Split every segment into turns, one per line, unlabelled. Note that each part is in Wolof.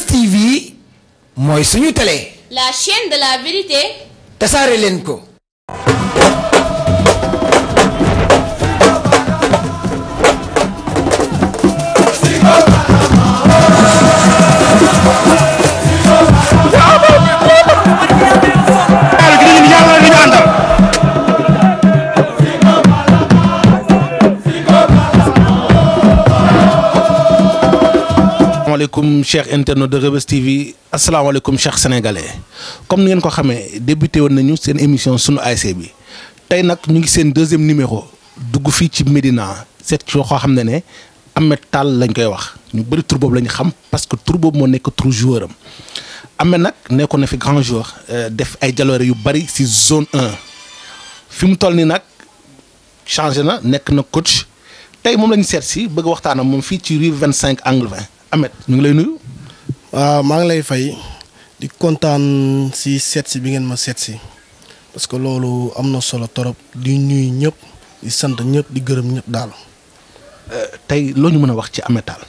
STV mooy suñu télé.
la chaîne de la vérité.
tasaare leen ko. asalaamaaleykum cheikh internautes de Reubeuss TV asalaamaaleykum cheikh sénégalais comme ni ngeen ko xamee débuté woon nañu émission sunu ASC bi nous nag ñu ngi deuxième numéro dugg ici ci Médina seet ci koo xam ne ne Ahmed Tall lañ koy wax ñu bëri xam parce que tur boobu moo nekk tur joueur am Ahmed nag nekkoon na fi grand joueur euh, def ay beaucoup yu dans la zone 1 fi mu toll nii nag changé na na coach Aujourd'hui, nous la ñu seet si bëgg est ici, fii ci rue 25 angle 20. Ameth ñu ngi lay nuyu.
waaw maa ngi lay fay di kontaan si seet si bi ngeen ma seet si parce que loolu am na solo torop di ñuy ñëpp di sant ñëpp di gërëm ñëpp daal. Euh, tey loo ñu mën a wax ci Ameth Tall.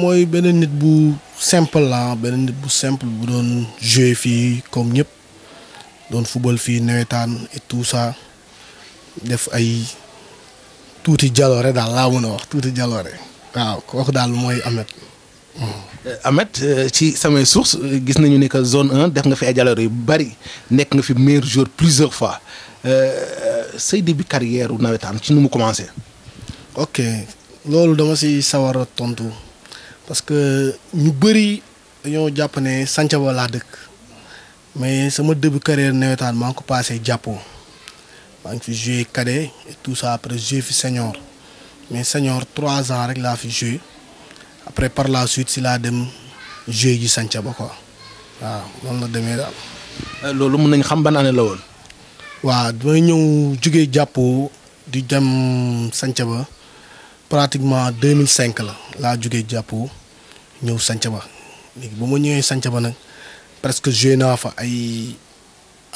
mooy benn nit bu simple la benn nit bu simple bu doon jouer fii comme ñëpp doon football fii nawetaan et tout def ay tuuti jaloore daal laa mën a wax tuuti jaloore. waaw kooku daal mooy ahmed euh,
Ameth euh, ci samay source euh, gis nañu ne zone 1 def nga fi ay jaloore yu bari nekk nga fi meilleur jour plusieurs fois le début carrière u nous
ci commencé. ok loolu dama si sawar a tontu parce que ñu bëri dañoo jàpp ne Santhiaba laa dëkk mais sama début carrière nous avons passé jàppoo maa ngi fi joué cadet et tout ça après je fi senior. mais senior trois ans rek laa fi joué après par la suite si laa dem joué ji sanca ba quoi waaw noonu la demee daal. Euh, loolu mun nañ xam ban année la woon. waaw damay ñëw jugee jàppoo du jam sanca ba pratiquement 2005 la laa jóge jàppoo ñëw sanca ba léegi ba ma ñëwee sanca ba nag presque joué naa fa ay.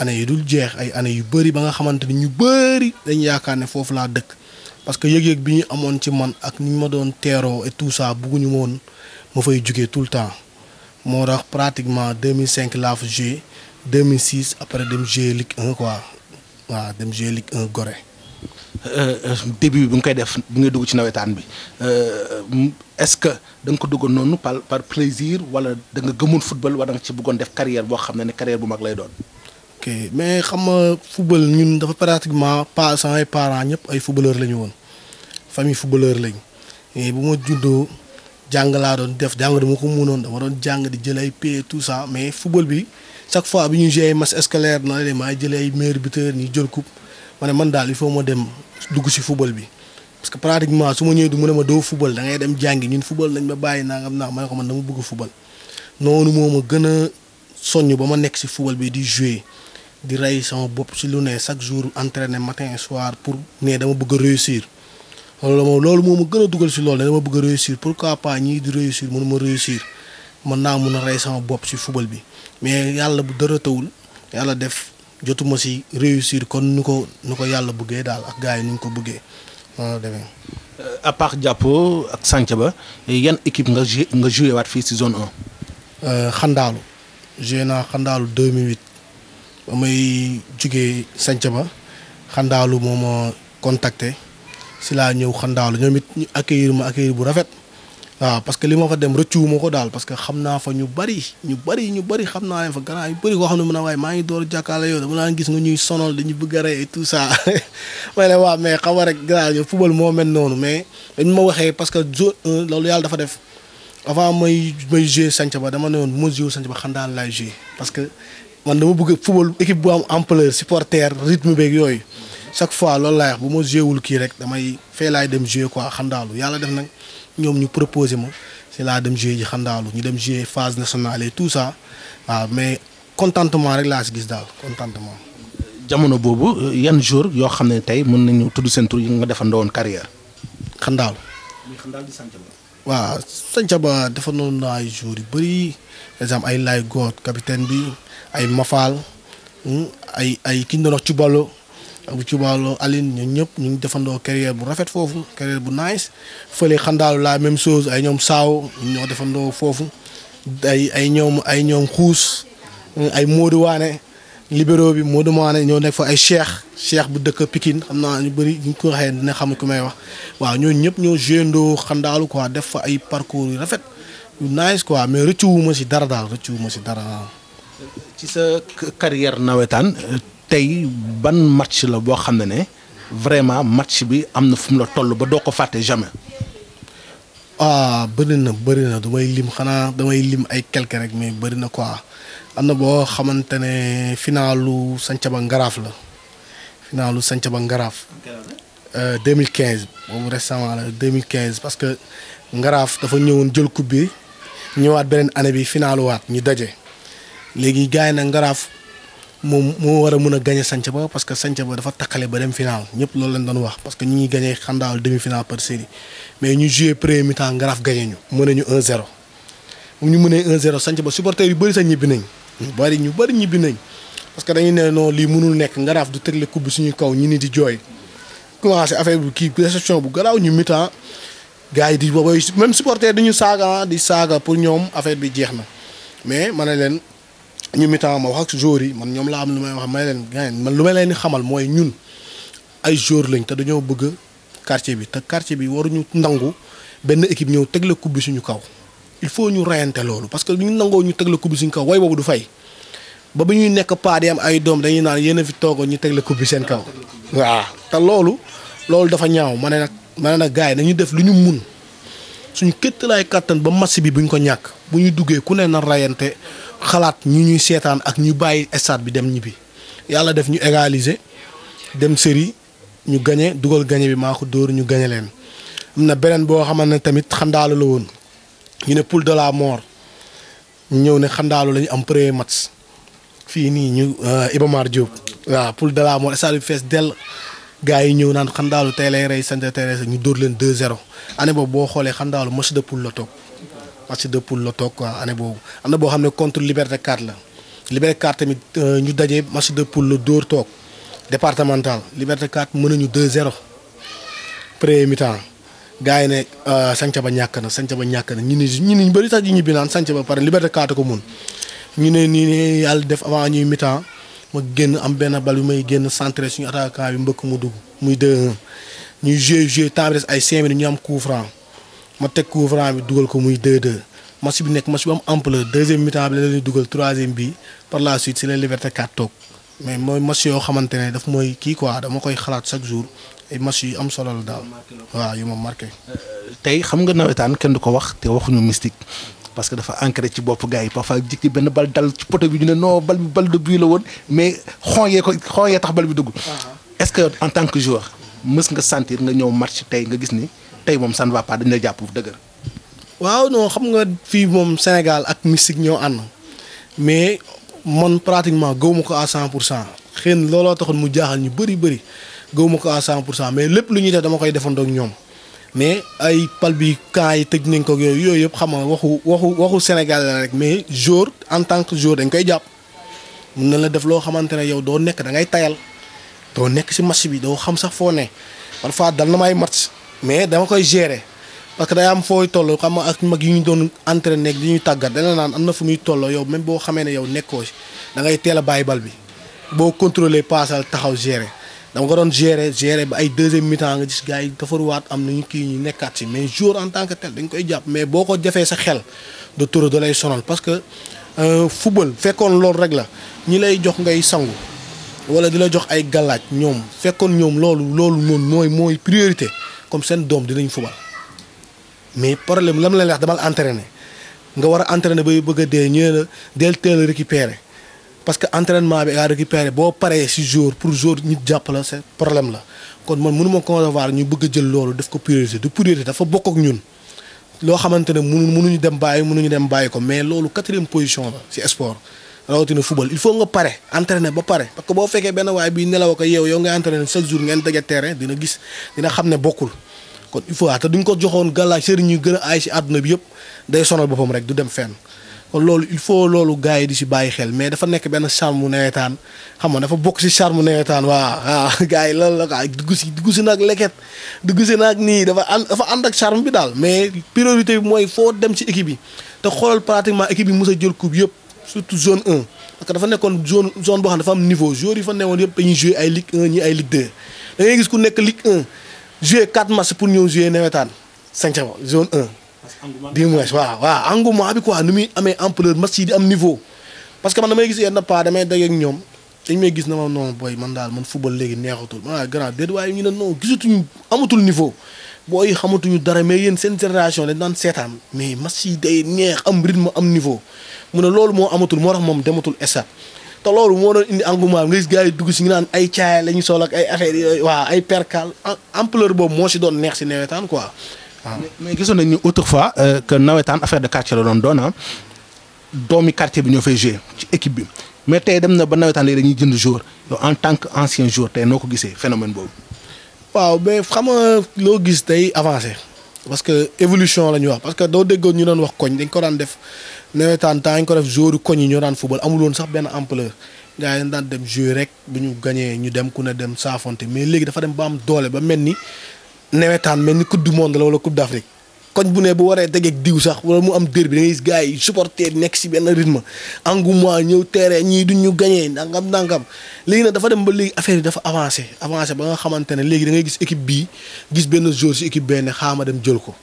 année yi dul jeex ay année yu bëri ba nga xamante ni ñu bëri dañ yaakaar ne foofu laa dëkk parce que yëg-yëg bi ñu amoon ci man ak ni ñu ma doon teeroo et tout ça bëgguñu woon ma fay jugee tout le temps moo tax pratiquement 2005 laa fa joué 2006 après dem joué lii 1 quoi waaw dem joué Ligue 1 Gorée.
Euh, euh, début bi nga koy def bi ngay dugg ci nawetaan bi euh, est-ce que da nga ko duggoon noonu par par plaisir wala da nga gëmoon football wala da nga ci bëggoon def carrière boo xam ne ne carrière bu mag lay doon.
ok mais xam nga football ñun dafa pratiquement pas samay parents ñëpp ay footballeur la ñu woon famille footballeur lañ bu ma juddoo jàng laa doon def jàng dama ko mënoon dama doon jàng di jël ay paie tout mais football bi chaque fois bi ñu joué match scolaire na la maa jëlee ay meilleur man daal il ma dem dugg si football bi. parce que pratiquement su ma ñëwee du mu ne ma doo football da ngay dem jàngi ñun football nañ ma bàyyi nangam naa ma ne ko man dama bëgg football noonu moo ma gën a soññ ba ma nekk si football bi di jouer. di ray sama bop ci lu ne chaque jour entraîner matin et soir pour né dama bëgg réussir loolu moom loolu moo ma gën ci loolu dama bëgg réussir pourquoi pas ñi di réussir mënu ma réussir mën naa mun a sama bop ci football bi mais yalla bu dara tawul yàlla def jotuma ci réussir kon nuko nuko yalla ko dal ak gaay ñu ko bëggee noonu demee.
Euh, à part Diapo ak Santhiaba yan équipe nga joué nga jouer waat fi ci zone
1. euh Xandaalu joué naa Xandaalu 2008. ba may jugee sanca ba xandaalu moo ma contacté si laa ñëw xandaalu ñoom it ñu accueillir ma accueillir bu rafet waaw parce que li ma fa dem rëccuwuma ko daal parce que xam naa fa ñu bari ñu bari ñu bari xam naa leen fa grand yu bari koo xam ne maa ngi door jàkkaarloo yow dama laa gis nga ñuy sonal dañu bëgg a rey et tout ça may ne waaw mais rek grand yow football moo mel noonu mais dañ ma waxee parce que zone euh, loolu yàlla dafa def avant may may jouer sanc ba dama ne woon bu ma jouer sanc ba xandaal laay jouer parce man dama bëgg football équipe bu am ampleur supporter rythme beeg yooyu chaque fois loolu laay bu ma joué wul kii rek damay fee laay dem joué quoi xandaalu yàlla def nag ñoom ñu proposé ma si laa dem joué ji xandaalu ñu dem joué phase nationale et tout ça waaw mais contentement rek laa si gis daal contentement.
jamono boobu euh, yan jour yoo xam ne tey mën nañu tudd seen tur yi nga
defandoon carrière. xandaalu. muy xandaal sant waaw Santhiaba dafa noonu na ay joueurs yu bëri exemple ay Laye Goor capitaine bi ay Mafal hmm, ay ay ki ñu doon wax Cubalo bu Cubalo Aline ñun ñëpp ñu ngi defandoo carrière bu rafet foofu carrière bu nice fële xandaalu la même chose ay ñoom Saaw ñoo defandoo foofu ay ay ñoom ay ñoom xuus hmm, ay Modou Waane libéraux bi Modou Mané ñoo nekk fa ay cheikh cheikh bu dëkk pikin xam naa ñu bëri ñu ko waxee dina xam ku may wax waaw ñooñu ñëpp ñoo jëndoo xandaalu quoi def fa ay parcours yu rafet yu nice quoi mais rëccu ma si dara daal rëccu wu ma si dara daal.
ci sa carrière nawetaan tey ban match la boo xam ne ne vraiment match bi am na fu mu la toll ba doo ko fàtte jamais.
ah bëri bëri na damay lim xanaa damay lim ay quelque rek mais bëri na quoi. am na boo xamante ne finalu Santhiaba Ngaraaf la finalu Santhiaba Ngaraaf. 2015 euh, boobu récemment la parce que Ngaraaf dafa ñëwoon jël coupe bi ñëwaat beneen année bi finalu waat ñu daje léegi gars yi nag Ngaraaf moom moo war a mën a gagné Santhiaba parce que Santhiaba dafa takkale ba dem final ñëpp lool lañ doon wax parce que ñu ngi gagné xandaalu demi final par série mais ñu joué premier mi ñu. mën nañu 1-0 bu ñu mënee 1-0 Santhiaba supporters yu bëri sax ñibbi nañ. ñu bëri ñu bëri ñibbi nañ parce que dañu ne non lii mënul nekk ngaraaf du tegle coupe bi suñu kaw ñi ni di jooy commencé affaire bi kii réception bu garaaw ñu mitan gars yi di booboy même supporter dañu saaga di saaga pour ñoom affaire bi jeex na mais ma ne leen ñu mitan ma wax ak joueurs yi man ñoom laa am lu may wax ma ne leen gars man lu may leen xamal mooy ñun ay joueurs lañ te dañoo bëgg quartier bi te quartier bi waruñu nangu benn équipe ñëw tegle coupe bi suñu kaw il faut ñu reyante loolu parce que ñu nangoo ñu teg la coupe bi suñ kaw way boobu du fay ba ba ñuy nekk paa di am ay doom dañuy naan yéen a fi toogoon ñu teg la coupe seen kaw. waa te loolu loolu dafa ñaaw ma ne nag ma ne nag gars yi nañu def lu ñu mun suñu këttalaay kàttan ba match bi buñ ko ñàkk bu ñu duggee ku ne na reyante xalaat ñi ñuy seetaan ak ñu bàyyi stade bi dem ñibbi yàlla def ñu égaliser dem série ñu gañe dugal gañe bi maa ko dóor ñu gañe leen am na beneen boo xamante ne tamit xandaalu la woon. ñu ne poule de la mort ñu ñëw ne xandaalu la ñu am premier match fii nii ñu euh, Iba Mar Diop waaw poule de la mort stade bi fees dell gars yi ñëw naan xandaalu tey lay rey sant tey ñu dóor leen 2-0 année boobu boo xoolee xandaalu match de poule la toog match de poule la toog quoi année boobu am na boo xam ne contre Liberté 4 la Liberté 4 tamit euh, ñu daje match de poule la dóor toog départemental Liberté 4 mën a ñu 0 premier mi-temps gars yi ne euh, ba ñàkk na ba ñàkk na ñu ne ñu ne ñu bëri sax ñu ñibbi naan Santhiaba pare Liberté 4 ko mun ñu ne nii ne yàlla def avant ñuy mi-temps ma génn am benn bal bi may génn centré suñu attaquant bi mbëkk mu dugg muy 2-1 ñuy joué joué temps bi ay 5 ñu am coup ma teg coup franc bi dugal ko muy 2-2 match bi nekk match bi am ampleur deuxième mi-temps bi la dugal troisième bi par la suite si la Liberté 4 toog mais mooy match yoo xamante ne dafa mooy kii quoi dama koy xalaat chaque jour. ay match yu am solo la daal waaw yu ma marqué.
tey xam nga nawetaan kenn du ko wax te waxuñu mystique parce que dafa ancré ci bopp gars yi parfois jik ci benn bal dal ci poto bi ñu ne noo bal bi bal de but la woon mais xooyee ko xooyee tax bal bi dugg. Uh-huh. est-ce que en tant que joueur mës nga sentir nga
ñëw match tey nga gis ni tey moom ça ne dañ la jàpp dëgër. waaw non xam nga fii moom Sénégal ak mystique ñoo ànd mais man pratiquement gëwuma ko à cent pour cent xëy na looloo taxoon mu jaaxal ñu bëri bëri. gëwuma ko à 100 pour cent mais lépp lu ñuy def dama koy defandoo ñoom mais ay pal bi camp yi tëj nañ yooyu yooyu yëpp xam nga waxu waxu waxu Sénégal la rek mais jour en tant que jour dañ koy jàpp mun na la def loo xamante ne yow doo nekk da ngay tayal doo nekk si match bi doo xam sax foo ne parfois dal na may match mais dama koy gérer parce que day am foo tolloo xam nga ak mag yi ñu doon entraîné di ñuy tàggat dana naan am na fu muy tolloo yow même boo xamee ne yow nekkoo si da ngay teel a bàyyi bal bi boo contrôler paasal taxaw gérer. dama ko doon gérer gérer ba ay deuxième mi nga gis gars yi defaruwaat am ñu kii ñu nekkaat si mais jour en tant que tel dañ koy jàpp mais boo ko jafee sa xel de tour da lay sonal parce que euh, football fekkoon loolu rek la ñi lay jox ngay sangu wala di la jox ay galaaj ñoom fekkoon ñoom loolu loolu moom mooy mooy priorité comme seen doom dinañ fubal mais problème lam la wax damal entraîné nga war a entraîné bay bëgg a dee ñu la del teel a parce que entraînement bi nga récupéré boo paree si jour pour jour nit jàpp la c'est problème la kon man mënu ma ñu bëgg a jël loolu def ko priorité du priorité dafa bokk ak ñun loo xamante ne mënu mënuñu dem bàyyi mënuñu dem bàyyi ko mais loolu quatrième position la si sport rawatina football il faut nga pare entraîner ba pare parce que boo fekkee benn waay bi nelaw ko yow yow ngay entraîner chaque jour ngeen daje terrain dina gis dina xam ne bokkul kon il faut ah, te ko joxoon gàllaaj ñu gën si àdduna bi yëpp day sonal rek du dem fenn kon loolu il faut loolu gars yi di si bàyyi xel mais dafa nekk benn charme nawetaan xam nga dafa bokk si charme nawetaan waa ah gars yi lan la quoi dugg si dugg si nag leket dugg si nag nii dafa ànd dafa ànd ak charme bi daal mais priorité bi mooy foo dem ci équipe yi te xoolal pratiquement équipe yi mos a jël coupe yëpp surtout zone 1 parce que dafa nekkoon zone zone boo xam ne am niveau joueurs yi fa newoon yëpp dañuy jouer ay ñi ay ligue 2 gis ku nekk ligue 1 jouer 4 matchs pour ñëw jouer nawetaan cinq zone 1. du moins waaw waaw engouement bi quoi nu muy amee ampleur match yi am niveau parce que man damay gis yenn pas damay dajeeg ñoom dañ may gis na ma non booy man daal man football léegi neexatul man daal grand déet waaye ñu ne non gisatuñu amatul niveau booy xamatuñu dara mais yéen seen génération dañ daan seetaan mais match yi day neex am rythme am niveau mu ne loolu moo amatul moo tax moom dematul stade te loolu moo doon indi engouement nga gis gars yi dugg si ñu naan ay caaya la ñu sol ay affaire yooyu waaw ay percal ampleur boobu moo si doon neex si nawetaan quoi mais gisoon
nañu autrefois euh, que nawetaan affaire de quartier la Londres le ah. quartier bi ñoo équipe mais nous dem na ba
en tant qu'ancien jour. joueur avons fait phénomène vraiment mais avancé parce que évolution la parce que doo ñu a fait koñ dañ ko daan def football amul sax jour. ampleur. mais newetaan mel ni coupe du monde la wala coupe d'Afrique koñ bu ne bu waree dajeeg diw sax wala mu am dër bi da ngay gis gars yi supporter nekk si benn rythme engouement ñëw terrain ñii duñ ñu gagné nangam nangam léegi nag dafa dem ba léegi affaire yi dafa avancé ba nga xamante ne léegi da ngay gis équipe bii gis benn joueur benn xaama dem jël ko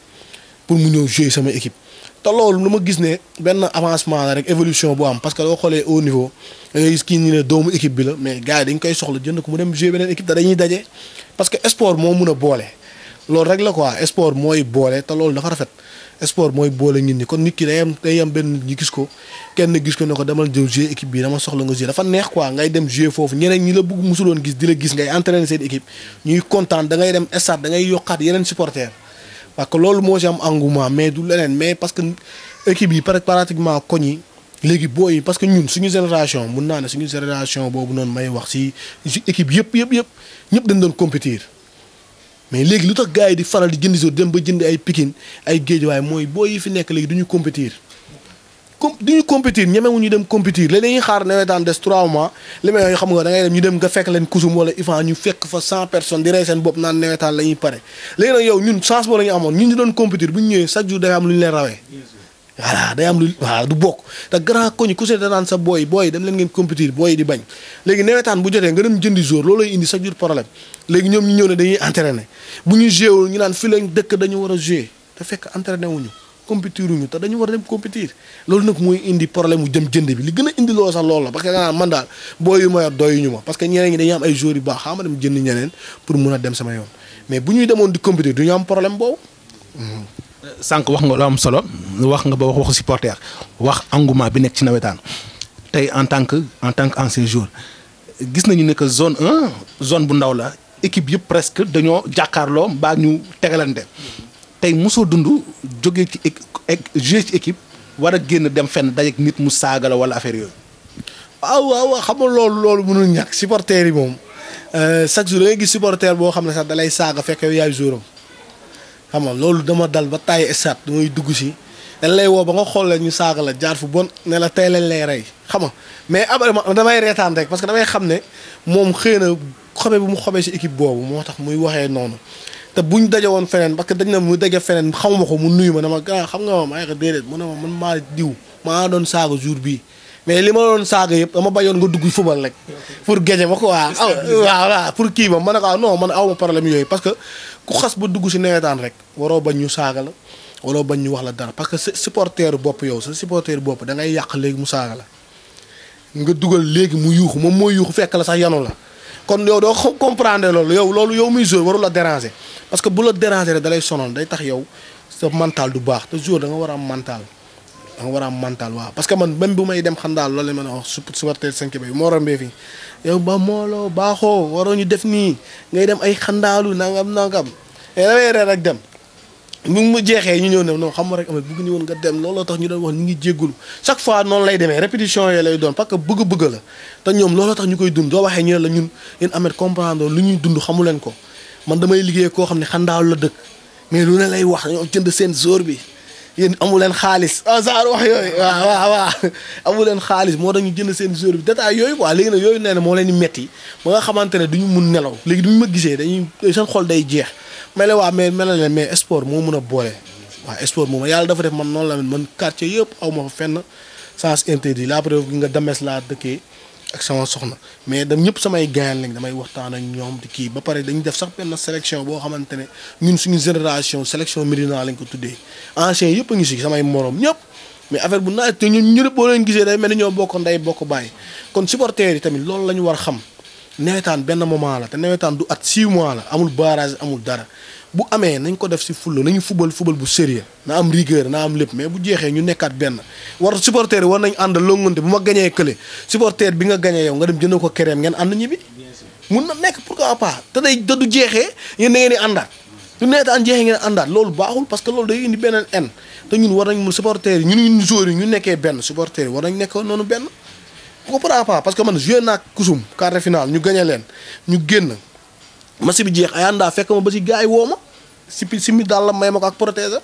pour mu ñëw jouer sama équipe. te loolu lu ma gis ne benn avancement la rek évolution bu am parce que loo xoolee au niveau da ngay gis kii ñu ne doomu équipe bi la mais gars yi dañ koy soxla jënd ko mu dem jouer beneen équipe parce que sport moo mun a boole. loolu rek la quoi sport mooy boole te loolu dafa rafet sport mooy boole nit ñi kon nit ki day am day am benn ñi gis ko kenn gis ko ne ko demal jëw jouer équipe bi dama soxla nga jouer dafa neex quoi ngay dem jouer foofu ñeneen ñi la bëgg musuloon gis di la gis ngay entraîner seen équipe ñuy kontaan da ngay dem stade da ngay yokkaat yeneen supporter parce que loolu moo si am engouement mais du leneen mais parce que équipe yi pratiquement koñ yi léegi boo yi parce que ñun suñu génération mun naa ne suñu génération boobu noonu may wax si équipe yëpp yëpp yëpp ñëpp dañ doon compétir mais léegi lu tax gars yi di faral di jënd jour dem ba jënd ay Pikine ay Guédiawaye mooy boo yi fi nekk léegi du ñu compétir com du ñu compétir ñemewu ñu dem compétir léeg xaar nawetaan des trois li may yoo xam nga da dem ñu dem nga fekk leen kusum wala ifan ñu fekk fa cent personnes di rey seen bopp naan nawetaan la pare léegi nag yow ñun chance boo la ñu amoon ñun ñu doon compétir bu ñu ñëwee chaque jour day am lu ñu leen rawee voilà day am lu waaw bokk te grand koñ ku se danaan sa booy booy dem leen ngeen compétir booy di bañ léegi nawetaan bu jotee nga dem jëndi jour loolooy indi chaque jour problème léegi ñoom ñu ñëw ne dañuy entraîné bu ñu ñu naan fi lañ dëkk dañu war a géé te fekk entraîné wuñu compétir wuñu te dañu war a loolu nag mooy indi problème mu jëm jënd bi li gën a indi sax loolu la parce que da naan man daal booy yu ma yor doyuñu ma parce que ñeneen ñi dañuy am ay joueurs yu baax xama dem jënd ñeneen pour mun a dem sama yoon mais bu ñuy demoon di compétir du ñu am problème boobu mm-hmm. sànq wax nga lu am solo wax nga
ba wax waxu supporter wax engouement bi nekk ci nawetaan tey en tant que en tant que ancien joueur gis nañu ne que zone un zone bu ndaw la équipe yëpp presque dañoo jàkkaarloo mbaa ñu tegalante tey mosoo dund jógee ci joué ci équipe war a génn dem fenn dajeek nit mu saaga la wala affaire yooyu.
Ah, waaw waaw xam loolu loolu mënul ñàkk supporter yi moom euh, chaque jour da ngay gis supporter boo xam ne sax dalay saaga fekk yow xam nga loolu dama dal ba taay estat damay dugg si dañ lay woo ba nga xool la ñu saaga la jaar fu bon ne la tey lañ lay rey xam nga mais ab damay reetaan rek parce que damay xam ne moom xëy na xobe bu mu xobee si équipe boobu moo tax muy waxee noonu te buñ daje woon feneen parce que dañ na mu daje feneen xamuma ko mu nuyu ma dama gaa ah, xam nga ma maa ngi ko déedéet mu ne ma man maa maa doon saaga jour bi mais li ma doon saaga yëpp dama bayoon nga dugg fubal rek pour géje ma ko waa waaw kii ma m ne ko ah, yooyu parce que ku xas ba dugg si nawetaan rek waroo bañ ñu saaga la waroo bañ ñu wax la dara parce que sa bopp yow sa supporteeru bopp da ngay yàq léegi mu saaga la nga dugal léegi mu yuuxu moom mooy yuuxu fekk la sax yanu la kon yow doo comprendre loolu yow loolu yow muy joueur waru la déranger parce que bu la déranger rek da lay sonal day tax yow sa mental du baax te joueur da nga war a am mental. da nga war a am waaw parce que man même bu may dem xandaal loolu la a wax su supporter Sankey bi moo rombee fii yow ba mooloo baaxoo waroo ñu def nii ngay dem ay xandaalu nangam nangam te eh, rek dem mu mu jeexee ñu ñëw ne non xam nga rek amee bëgg ñu woon nga dem looloo tax ñu doon wax ñu ngi jéggulu chaque fois noonu lay demee répétition yooyu lay doon parce que bëgg-bëgg la te ñoom looloo tax ñu koy dund doo waxee ñu ne la ñun yéen amet comprendre lu ñuy dund xamu leen ko man damay liggéey koo xam ne xandaalu la dëkk mais lu ne lay wax jënd seen jour bi yéen amu leen xaalis ah Sarr wax yooyu waaw waaw waaw amu leen xaalis moo dañu ñu jënd seen joueur bi détail yooyu quoi léegi nag yooyu nee moo leen di metti ba nga xamante ne duñu mun nelaw léegi duñu ma gisee dañuy seen xol day jeex mel waa mais mel leen mais sport moo mun a boole waaw sport moom yàlla dafa def man noonu la man quartier yëpp aw ma fa fenn sens interdit la preuve nga demes laa dëkkee ak sama soxna mais dam ñëpp samay gaañ lañ damay waxtaan ak ñoom di kii ba pare dañuy def sax benn sélection boo xamante ne ñun suñu génération sélection Médina lañ ko tuddee ancien yëpp a ngi si samay moroom ñëpp mais affaire bu naaj te ñun ñëpp boo leen gisee day mel ni ñoo bokk ndey bokk bàyyi kon supporters yi tamit loolu la ñu war xam nawetaan benn moment la te nawetaan du at 6 mois la amul barrage amul dara bu amee nañ ko def si fulla nañu fubal fubal bu sérieux na am rigueur na am lépp mais bu jeexee ñu nekkaat benn war supporter war nañ ànd longante bu ma gañee kële supporter bi nga gañee yow nga dem jënd ko kereem ngeen ànd ñibbi mun na nekk pourquoi pas te day te du jeexee yéen da ngeen di àndaat du neetaan jeexee ngeen àndaat loolu baaxul parce que loolu day indi beneen en te ñun war nañ mu supporter yi ñu nekkee benn supporter yi war nañ nekk noonu benn pourquoi pas parce que man joué naa kusum quart de finale ñu gañe leen ñu génn match bi jeex Ayanda fekk ma ba si gaa yi woo ma si si mi daal la may ma ko ak protéger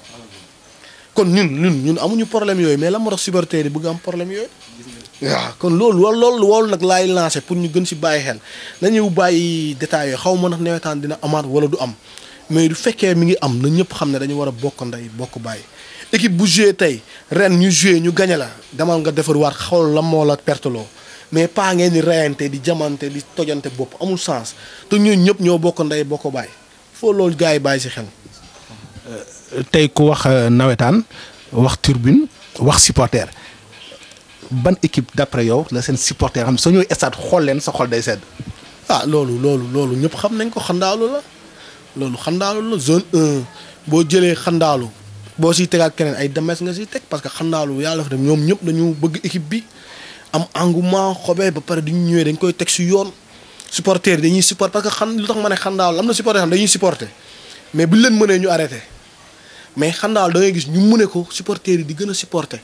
kon ñun ñun ñun amuñu problème yooyu mais la moo tax supporter yi am problème yooyu. waaw kon loolu loolu loolu loolu nag laay lancé pour ñu gën si bàyyi xel nañu bàyyi détails yooyu xaw ma nag nawetaan dina amaat wala du am mais du fekkee mi ngi am na ñëpp xam ne dañu war a bokk ndey bokk bàyyi. équipe bu joué tey ren ñu joué ñu gañe la demal nga defar waat xaw la moo la perteloo mais paa ngeen di reyante di jamante di tojante bopp amul sens te ñun ñëpp ñoo bokk ndey bokk baay foo loolu gars yi bàyyi si xel.
Euh, tey ku wax euh, nawetaan wax turbine wax supporter ban équipe d'après yow la seen supporter am soo ñëwee stade xool leen sa xol
day sedd. ah loolu loolu loolu ñëpp xam nañ ko xandaalu la loolu xandaalu la zone 1 boo jëlee xandaalu boo si tegaat keneen ay demes nga siy teg parce que xandaalu yàlla fa dem ñoom ñëpp dañu bëgg équipe bi. am engouement xobee ba pare du ñu ñëwee dañ koy teg si yoon supporter yi dañuy support parce que xam lu tax ma ne xandaaw am na supporter xam dañuy supporter mais buñ leen mënee ñu arrêté mais xandaaw da ngay gis ñu mëne ko supporter yi di gën a supporter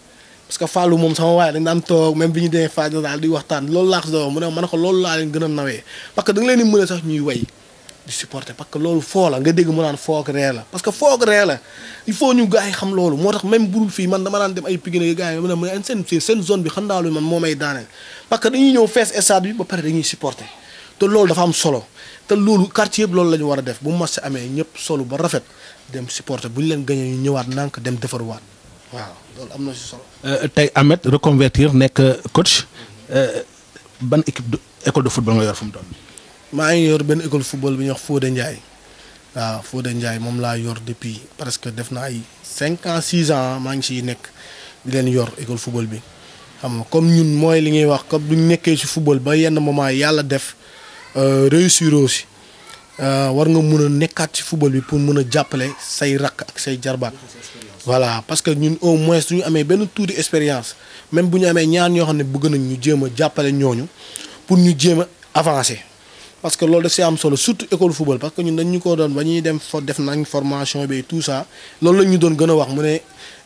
parce que Fallou moom sama waaye dañ daan toog même bi ñu demee Fadial daal di waxtaan loolu laa ko mu ne ma ne ko loolu laa leen gën a nawee parce que da nga leen di mëne sax ñuy way di supporter parce que loolu foo la nga dégg mu naan foog ree la parce que foog ree la il ñu gars xam loolu moo tax même burul fii man dama daan dem ay Pikine gars yi mu ne mu ne seen xam naa moo may daaneel am solo te loolu yëpp loolu la ñu war a def bu match amee ñëpp solo ba rafet dem supporter bu ñu leen gañee ñu ñëwaat nank dem defarwaat waaw loolu am na si solo.
Euh, tey Ameth reconvertir nekk coach euh, ban équipe école de football nga yor fu mu toll
maa ngi yor benn école football bi ñu wax Fodé Ndiaye waaw Fodé Ndiaye moom laa yor depuis presque def naa ay cinq ans six maa ngi ciy nekk di leen yor école football bi xam nga comme ñun mooy li ngay wax comme duñ nekkee ci football ba yenn moment yàlla def euh, réussir aussi euh, war nga mun a nekkaat ci football bi pour mun a jàppale say rakk ak say jarbaat. voilà parce que ñun au moins ñu amee benn tuuti expérience même bu ñu amee ñaar ñoo xam ne bëgg nañ ñu jéem a jàppale ñooñu pour ñu jéem a avancer. parce que lors de ces am solo surtout école football parce que ñun dañ ñu ko doon ba ñuy dem fo def nañ formation bi tout ça lors la ñu doon gën a wax mu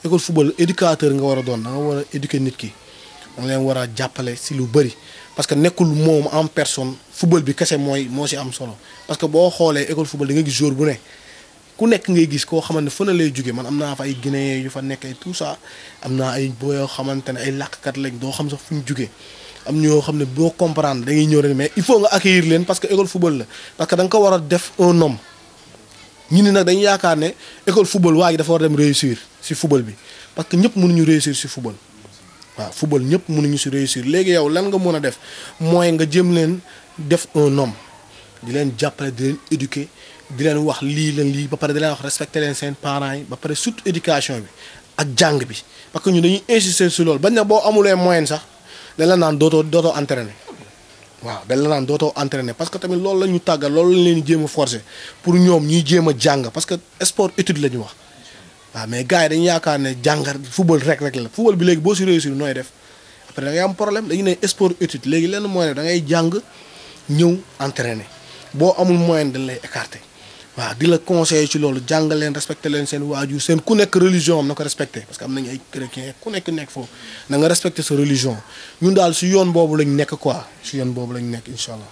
école football éducateur nga war a doon nga éduquer notre qui on les leen war si lu bëri parce que nekkul moom en personne football bi c'est moi moi c'est am solo parce que boo les école football da nga gis jour bu ne ku nek ngay gis ko xamantene ne fa na lay jóge man amna fa ay Guinéen yu fa nekkee tout ça amna ay boo xamante ne ay làkkat lañ do xam sax fuñu ñu am ñoo xam ne boo comprendre da ñëw rek mais il faut nga accueillir leen parce que école football la parce que da nga ko war a def un homme ñu ni nag dañu yaakaar ne école football waa ji dafa war a dem réussir si football bi parce que ñëpp mënuñu réussir si football waaw football ñëpp ñu si réussir léegi yow lan nga mën a def mooy nga jëm leen def un nom di leen jàppale di leen éduquer di leen wax lii leen lii ba pare di leen wax respecter leen seen parents yi ba pare surtout éducation bi ak jàng bi parce que ñu dañuy insister si loolu bañ na boo amulee moyen sax. dañ la naan dootoo dootoo entraîné waaw dañ la naan dootoo entraîné parce que tamit loolu la ñu tàggat loolu lañ leen jéem a pour ñoom ñuy jéem a jàng parce que sport étude la ñu wax waaw mais gars yi dañu yaakaar ne jàngar football rek rek la football bi léegi boo si réussir nooy def après da am problème dañu ne sport étude léegi lenn moyen da ngay jàng ñëw entraîné boo amul moyen dañ lay écarté waaw di la conseiller ci loolu jàngal leen respecté leen seen waajur seen ku nekk religion am na ko respecté parce que am nañu ay chrétien ku nekk nekk foofu nanga nga sa religion ñun daal si yoon boobu lañ nekk quoi si yoon boobu lañ nekk incha allah.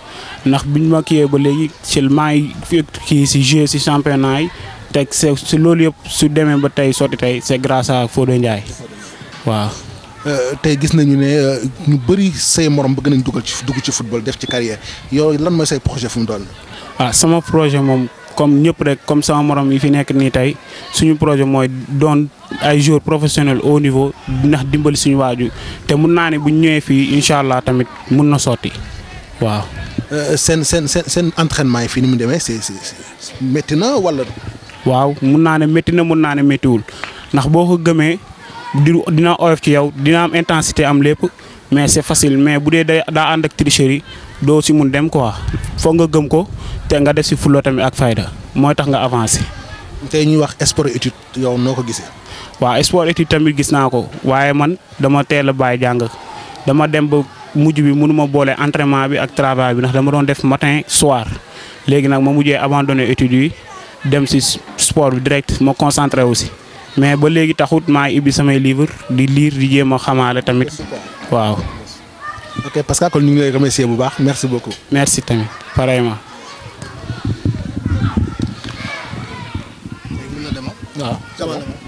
ndax biñ ma kiyee ba léegi ci maa ngi kii si joué si championnat yi teg si loolu yëpp su demee ba tey sotti tey c'est grâce à Fodé Ndiaye waaw.
Euh, tey gis nañu ne euh, ñu bëri say morom bëgg nañ dugal ci dugg ci football def ci carrière
yow lan mooy say projet fu mu doon. ah sama projet moom comme ñëpp rek comme sama morom yi fi nekk nii tey suñu projet mooy doon ay joueurs professionnels au niveau ndax dimbali suñu waaju te mun naa ne bu ñu ñëwee fii incha allah tamit mun na sotti waaw. Euh, seen seen seen seen entraînement yi fii ni mu demee c' est c' métti na wala. waaw mun naa ne métti na mun naa ne méttiwul ndax boo ko gëmee di dina oyof ci yow dina am intensité am lépp mais c' est facile mais bu dee day daa ànd ak tricherie doo si mun dem quoi foog nga gëm ko te nga def si fulla tamit ak fayda mooy tax nga avancé. te ñuy wax sport étude yow noo ko gisee. waaw sport étude tamit gis naa ko waaye man dama teel a bàyyi jàng dama dem mujj bi mënu ma boole entraînement bi ak travail bi ndax dama doon def matin soir léegi nag ma mujjee abandonné études yi dem si sport bi direct ma concentré aussi mais ba léegi taxut maa ibbi samay livre di liir di jéem a xamaale tamit waaw. ok Pascal kon ñu ngi lay remercier bu baax merci beaucoup. merci tamit pareillement.
Ah. waaw.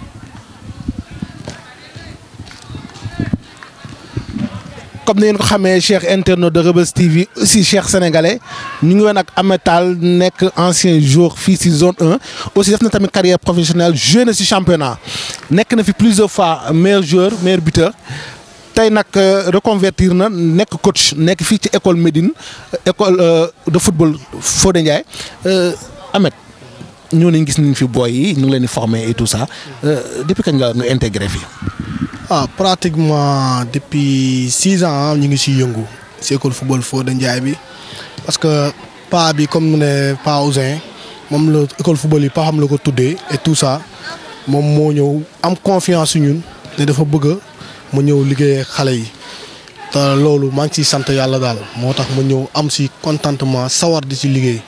comme ni ngeen ko xamee cheikh internaute de Reubeuss TV aussi cheikh sénégalais ñu ngi woon ak Ahmed Tall nekk ancien joueur fii si zone un aussi def na tamit carrière professionnelle joué na si championnat nekk na fi plus plusieurs fois meilleur joueur meilleur buteur tey nag euh, reconvertir na nekk coach nekk fii ci école Médine euh, école euh, de football Fodé Ndiaye Ahmed ñoo nañ gis nañ fi boy yi ñu ngi former et tout ça Euh, depuis kañ nga ñu intégré fii.
ah pratiquement depuis 6 ans ah, ñu ngi siy yëngu si école football Fodé Ndiaye bi parce que paa bi comme mu ne paa Ousin moom la école football yi paa xam la ko et tout ça moom moo ñëw am confiance ñun ne dafa bëgg mu ñëw liggéey xalé yi. ta loolu ma ngi ci sant yalla dal motax tax ma ñëw am ci contentement sawar di ci liggéey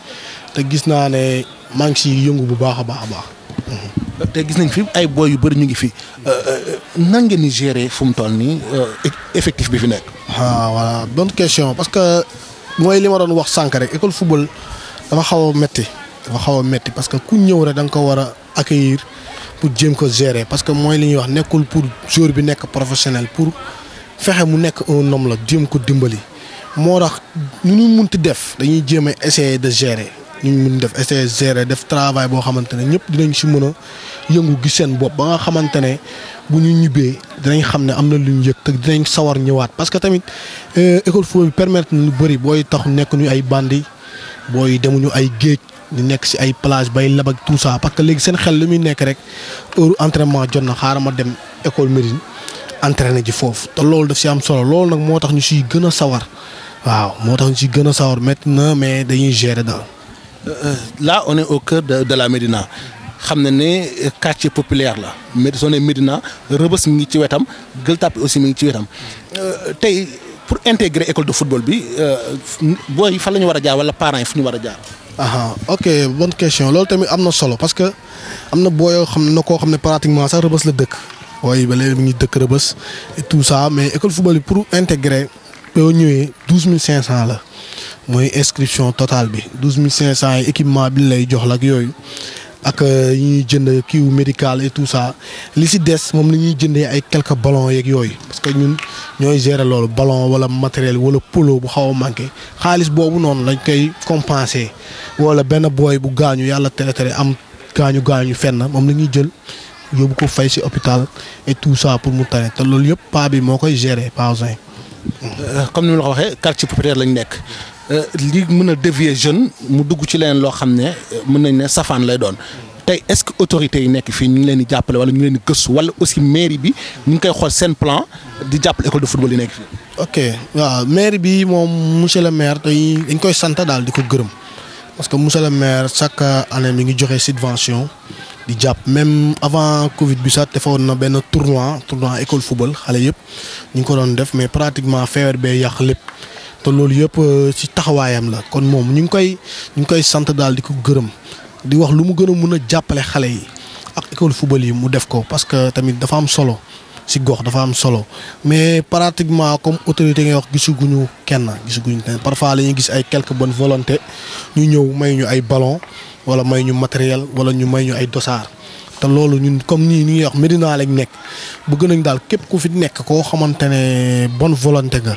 te gis na né maa ngi si yëngu bu baax a baax a baax. Mm-hmm.
te gis nañ fi ay boy yu bëri ñu ngi fi euh, euh, euh, nan ngeen di gérer fu mu toll nii e-, effectif bi fi nekk.
ah voilà bonne question parce que mooy li ma doon wax sànq rek école football dafa xaw a métti dafa xaw a métti parce que ku ñëw rek da nga ko war a accueillir pour jéem ko gérer parce que mooy li ñuy wax nekkul pour joueur bi nekk professionnel pour fexe mu nekk un homme la jëm ko dimbali moo tax nu ñu munti def dañuy jéem a essayer de gérer. ñu ngi def essayer def travail boo xamante ne ñëpp dinañ si mën a yëngu gis seen bopp ba nga xamante ne bu ñu ñibbee dinañ xam ne am na lu ñu yëg dinañ sawar ñëwaat parce que tamit euh, école foo bi permettre na bëri booy tax nekk ñu ay bandi booy demuñu ay géej di nekk si ay plage bay labak tout ça parce que léegi seen xel li muy nekk rek heure entraînement jot na xaaral ma dem école Médine entraîné ji foofu te loolu daf si am solo loolu nag moo tax ñu siy gën a sawar waaw moo tax ñu siy gën a sawar métti na mais dañuy gérer daal.
Euh, là on est au cœur de, de la Médina xam na quartier populaire la mais soo ne Médina Rebeuss mi ngi ci wetam Gueule aussi mi ngi euh, pour intégrer école de football bi euh, fan nous voir war a wala parents yi fu ñu war
ah ok bonne question loolu tamit am na solo parce que am na boo yoo xam ne pratiquement sax Rebeuss le dëkk. waaye ba léegi mi ngi dëkk Rebeuss et tout ça mais école football pour intégrer. 12 500 douze mille la moy inscription totale bi 12 500 équipement bi lay jox la yoy ak euh, yi ñuy jënd médical et tout ça li ci des mom la ñuy ay quelques ballons yek yoy parce que ñun ñoy gérer loolu ballon wala matériel wala polo bu xaw manqué xaliss bobu non lañ koy compenser wala ben boy bu gañu yalla tere tere am gañu gañu fenn mom la ñuy jël. yobu ko fay ci hôpital et tout ça pour mu tane té pas yépp pa bi mo koy gérer paa
euh, comme nous l'avons dit, ko propriétaire quartier populaire lañ euh, li mën a dévier jeune mu dugg ci leneen loo xam ne euh, mën nañ ne lay est-ce que l'autorité yi nekk fii ñu ngi leen di jàppale wala ñu ngi wala aussi mairie bi ñu ngi koy xool plan di jàppale école de football yi nek.
ok waaw mairie bi monsieur le maire tey dañ koy dans le coup de gërëm parce que monsieur le maire chaque année mi ngi joxe subvention. di Jap, même avant Covid bi sax defoon na ben tournoi tournoi école football xalé yépp ñu ko doon def mais pratiquement fever bee yàq lépp té lool yépp euh, ci taxawayam la kon mom, ñu ngi koy ñu ngi koy sante dal di ko gëreum di wax lu mu gëna mëna jappalé xalé yi ak école football yi mu def ko parce que tamit dafa am solo si gox dafa am solo mais pratiquement comme autorité ngay wax gisuguñu kenn gisuguñu parfois la ñuy gis ay quelques bonnes volontés ñu ñëw may ñu ay ballons wala may ñu matériel wala ñu may ñu ay dosaar te loolu ñun comme nii ñu ngi wax Medina lañ nekk bëgg nañ daal képp ku fi nekk koo xamante ne bonne volonté nga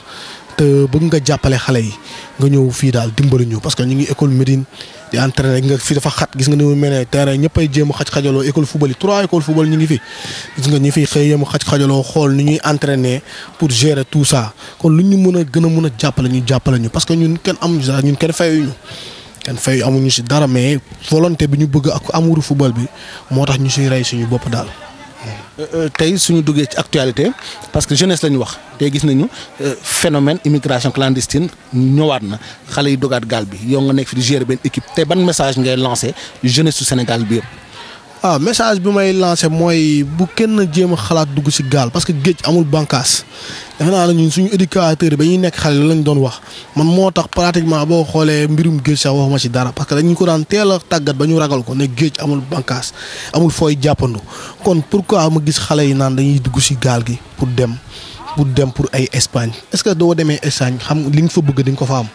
te bëgg nga jàppale xale yi nga ñëw fii daal dimbali ñu parce que ñu ngi école Médine di entraîné nga fii dafa xat gis nga ni mu mel ñëpp ay jéem a xaj xajaloo école football yi trois école football ñu ngi fi. gis nga ñi fiy xëy yem xaj xajaloo xool ni ñuy entraîné pour gérer tout ça kon lu ñu mën a gën a mën a jàppale ñu jàppale ñu parce que ñun kenn am ñun kenn ñu ten fay amuñu ci dara mais volonté bi ñu bëgg ak amuru football bi motax ñu siy ray suñu bopp daal.
Euh, euh, tay suñu duggé ci actualité parce que jeunesse lañ wax tay gis nañu euh, phénomène immigration clandestine ñëwaat na xalé yi dogat gal bi yo nga nek fi di gérer ben équipe tey ban message ngay lancer jeunesse du Sénégal bi
waaw ah, message bi may lancé mooy bu kenn jéem a xalaat dugg ci gaal parce que géej amul bànqaas defe naa ne ñun suñu éducateur yi ba ñuy nekk xale lañ doon wax man moo tax pratiquement boo xoolee mbirum géej sax waxuma ci dara parce que dañu ko daan teela a tàggat ba ñu ragal ko ne géej amul bànqaas amul fooy jàppandu kon pour quoi ma gis xale yi naan dañuy dugg ci gaal gi pour dem pour dem pour ay Espagne est-ce que doo demee Espagne xam li nga fa bëgg di ko fa am.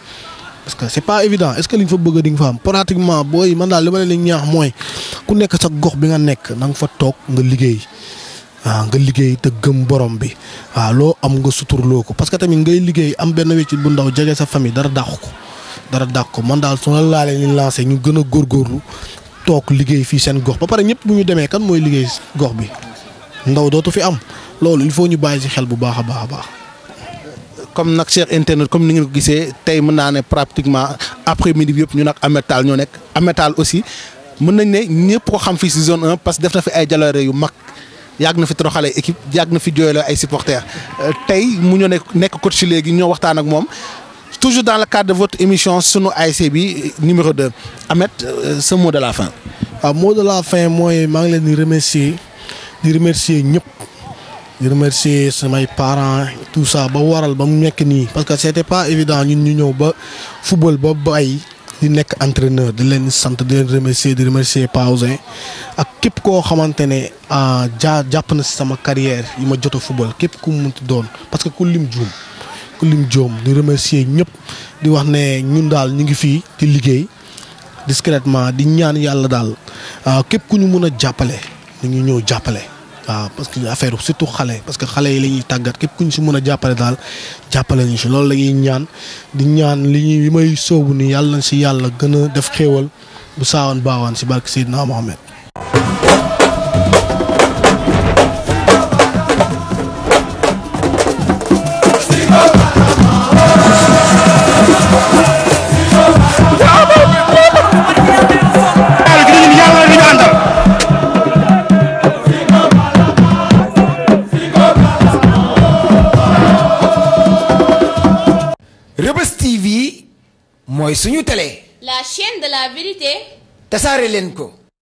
parce que c' est pas évident est ce que li nga fa bëgg di nga fa am pratiquement booy man daal li ma leen ñaax mooy ku nekk sa gox bi nga nekk na fa toog nga liggéey waaw nga liggéey te gëm borom bi waaw loo am nga suturloo ko parce que tamit ngay liggéey am benn wéccit bu ndaw jege sa famille dara dàq ko dara dàq ko man daal su ma laalee ni lancé ñu gën a góorlu toog liggéey fii seen gox ba pare ñëpp bu ñu demee kan mooy liggéey gox bi ndaw dootu fi am loolu il faut ñu bàyyi ci xel bu baax a baax baax.
comme nous cher internet comme ni ngeen pratiquement après midi aussi mën nañ zone 1 parce def na fi ay na équipe na fi supporters euh, mu ñu coach légui toujours dans le cadre de votre émission sunu bi numéro 2 Ahmed euh, ce mot de la fin.
Ah, mot de la fin moi, remercier remercier di remercier samay parent tout ça ba waral ba mu nekk nii parce que c'était pas évident ñun ñu ñëw ba football ba bay di nekk entraîneur di leen sant di leen remercier di remercier Pausin ak képp koo xamante ne ah, jaa jàpp na si sama carrière yi ma jot a football képp ku mu munti doon parce que ku lim juum ku lim juum di remercier ñëpp di wax ne ñun daal ñu ngi fii di liggéey discrètement di ñaan yàlla daal ah, képp ku ñu mun a jàppale ñu ñëw jàppale. waaw parce que affaire surtout xale parce que xale yi la ñuy tàggat képp ku ñu si mën a jàppale daal jàppale ñu si loolu la ñuy ñaan di ñaan li ñuy li may soobu ni yàlla si yàlla gën a def xéewal bu saawan baawaan si barke Seydina Mohamed. mooy suñu télé.
la chaîne de la vérité.
tasaare leen ko.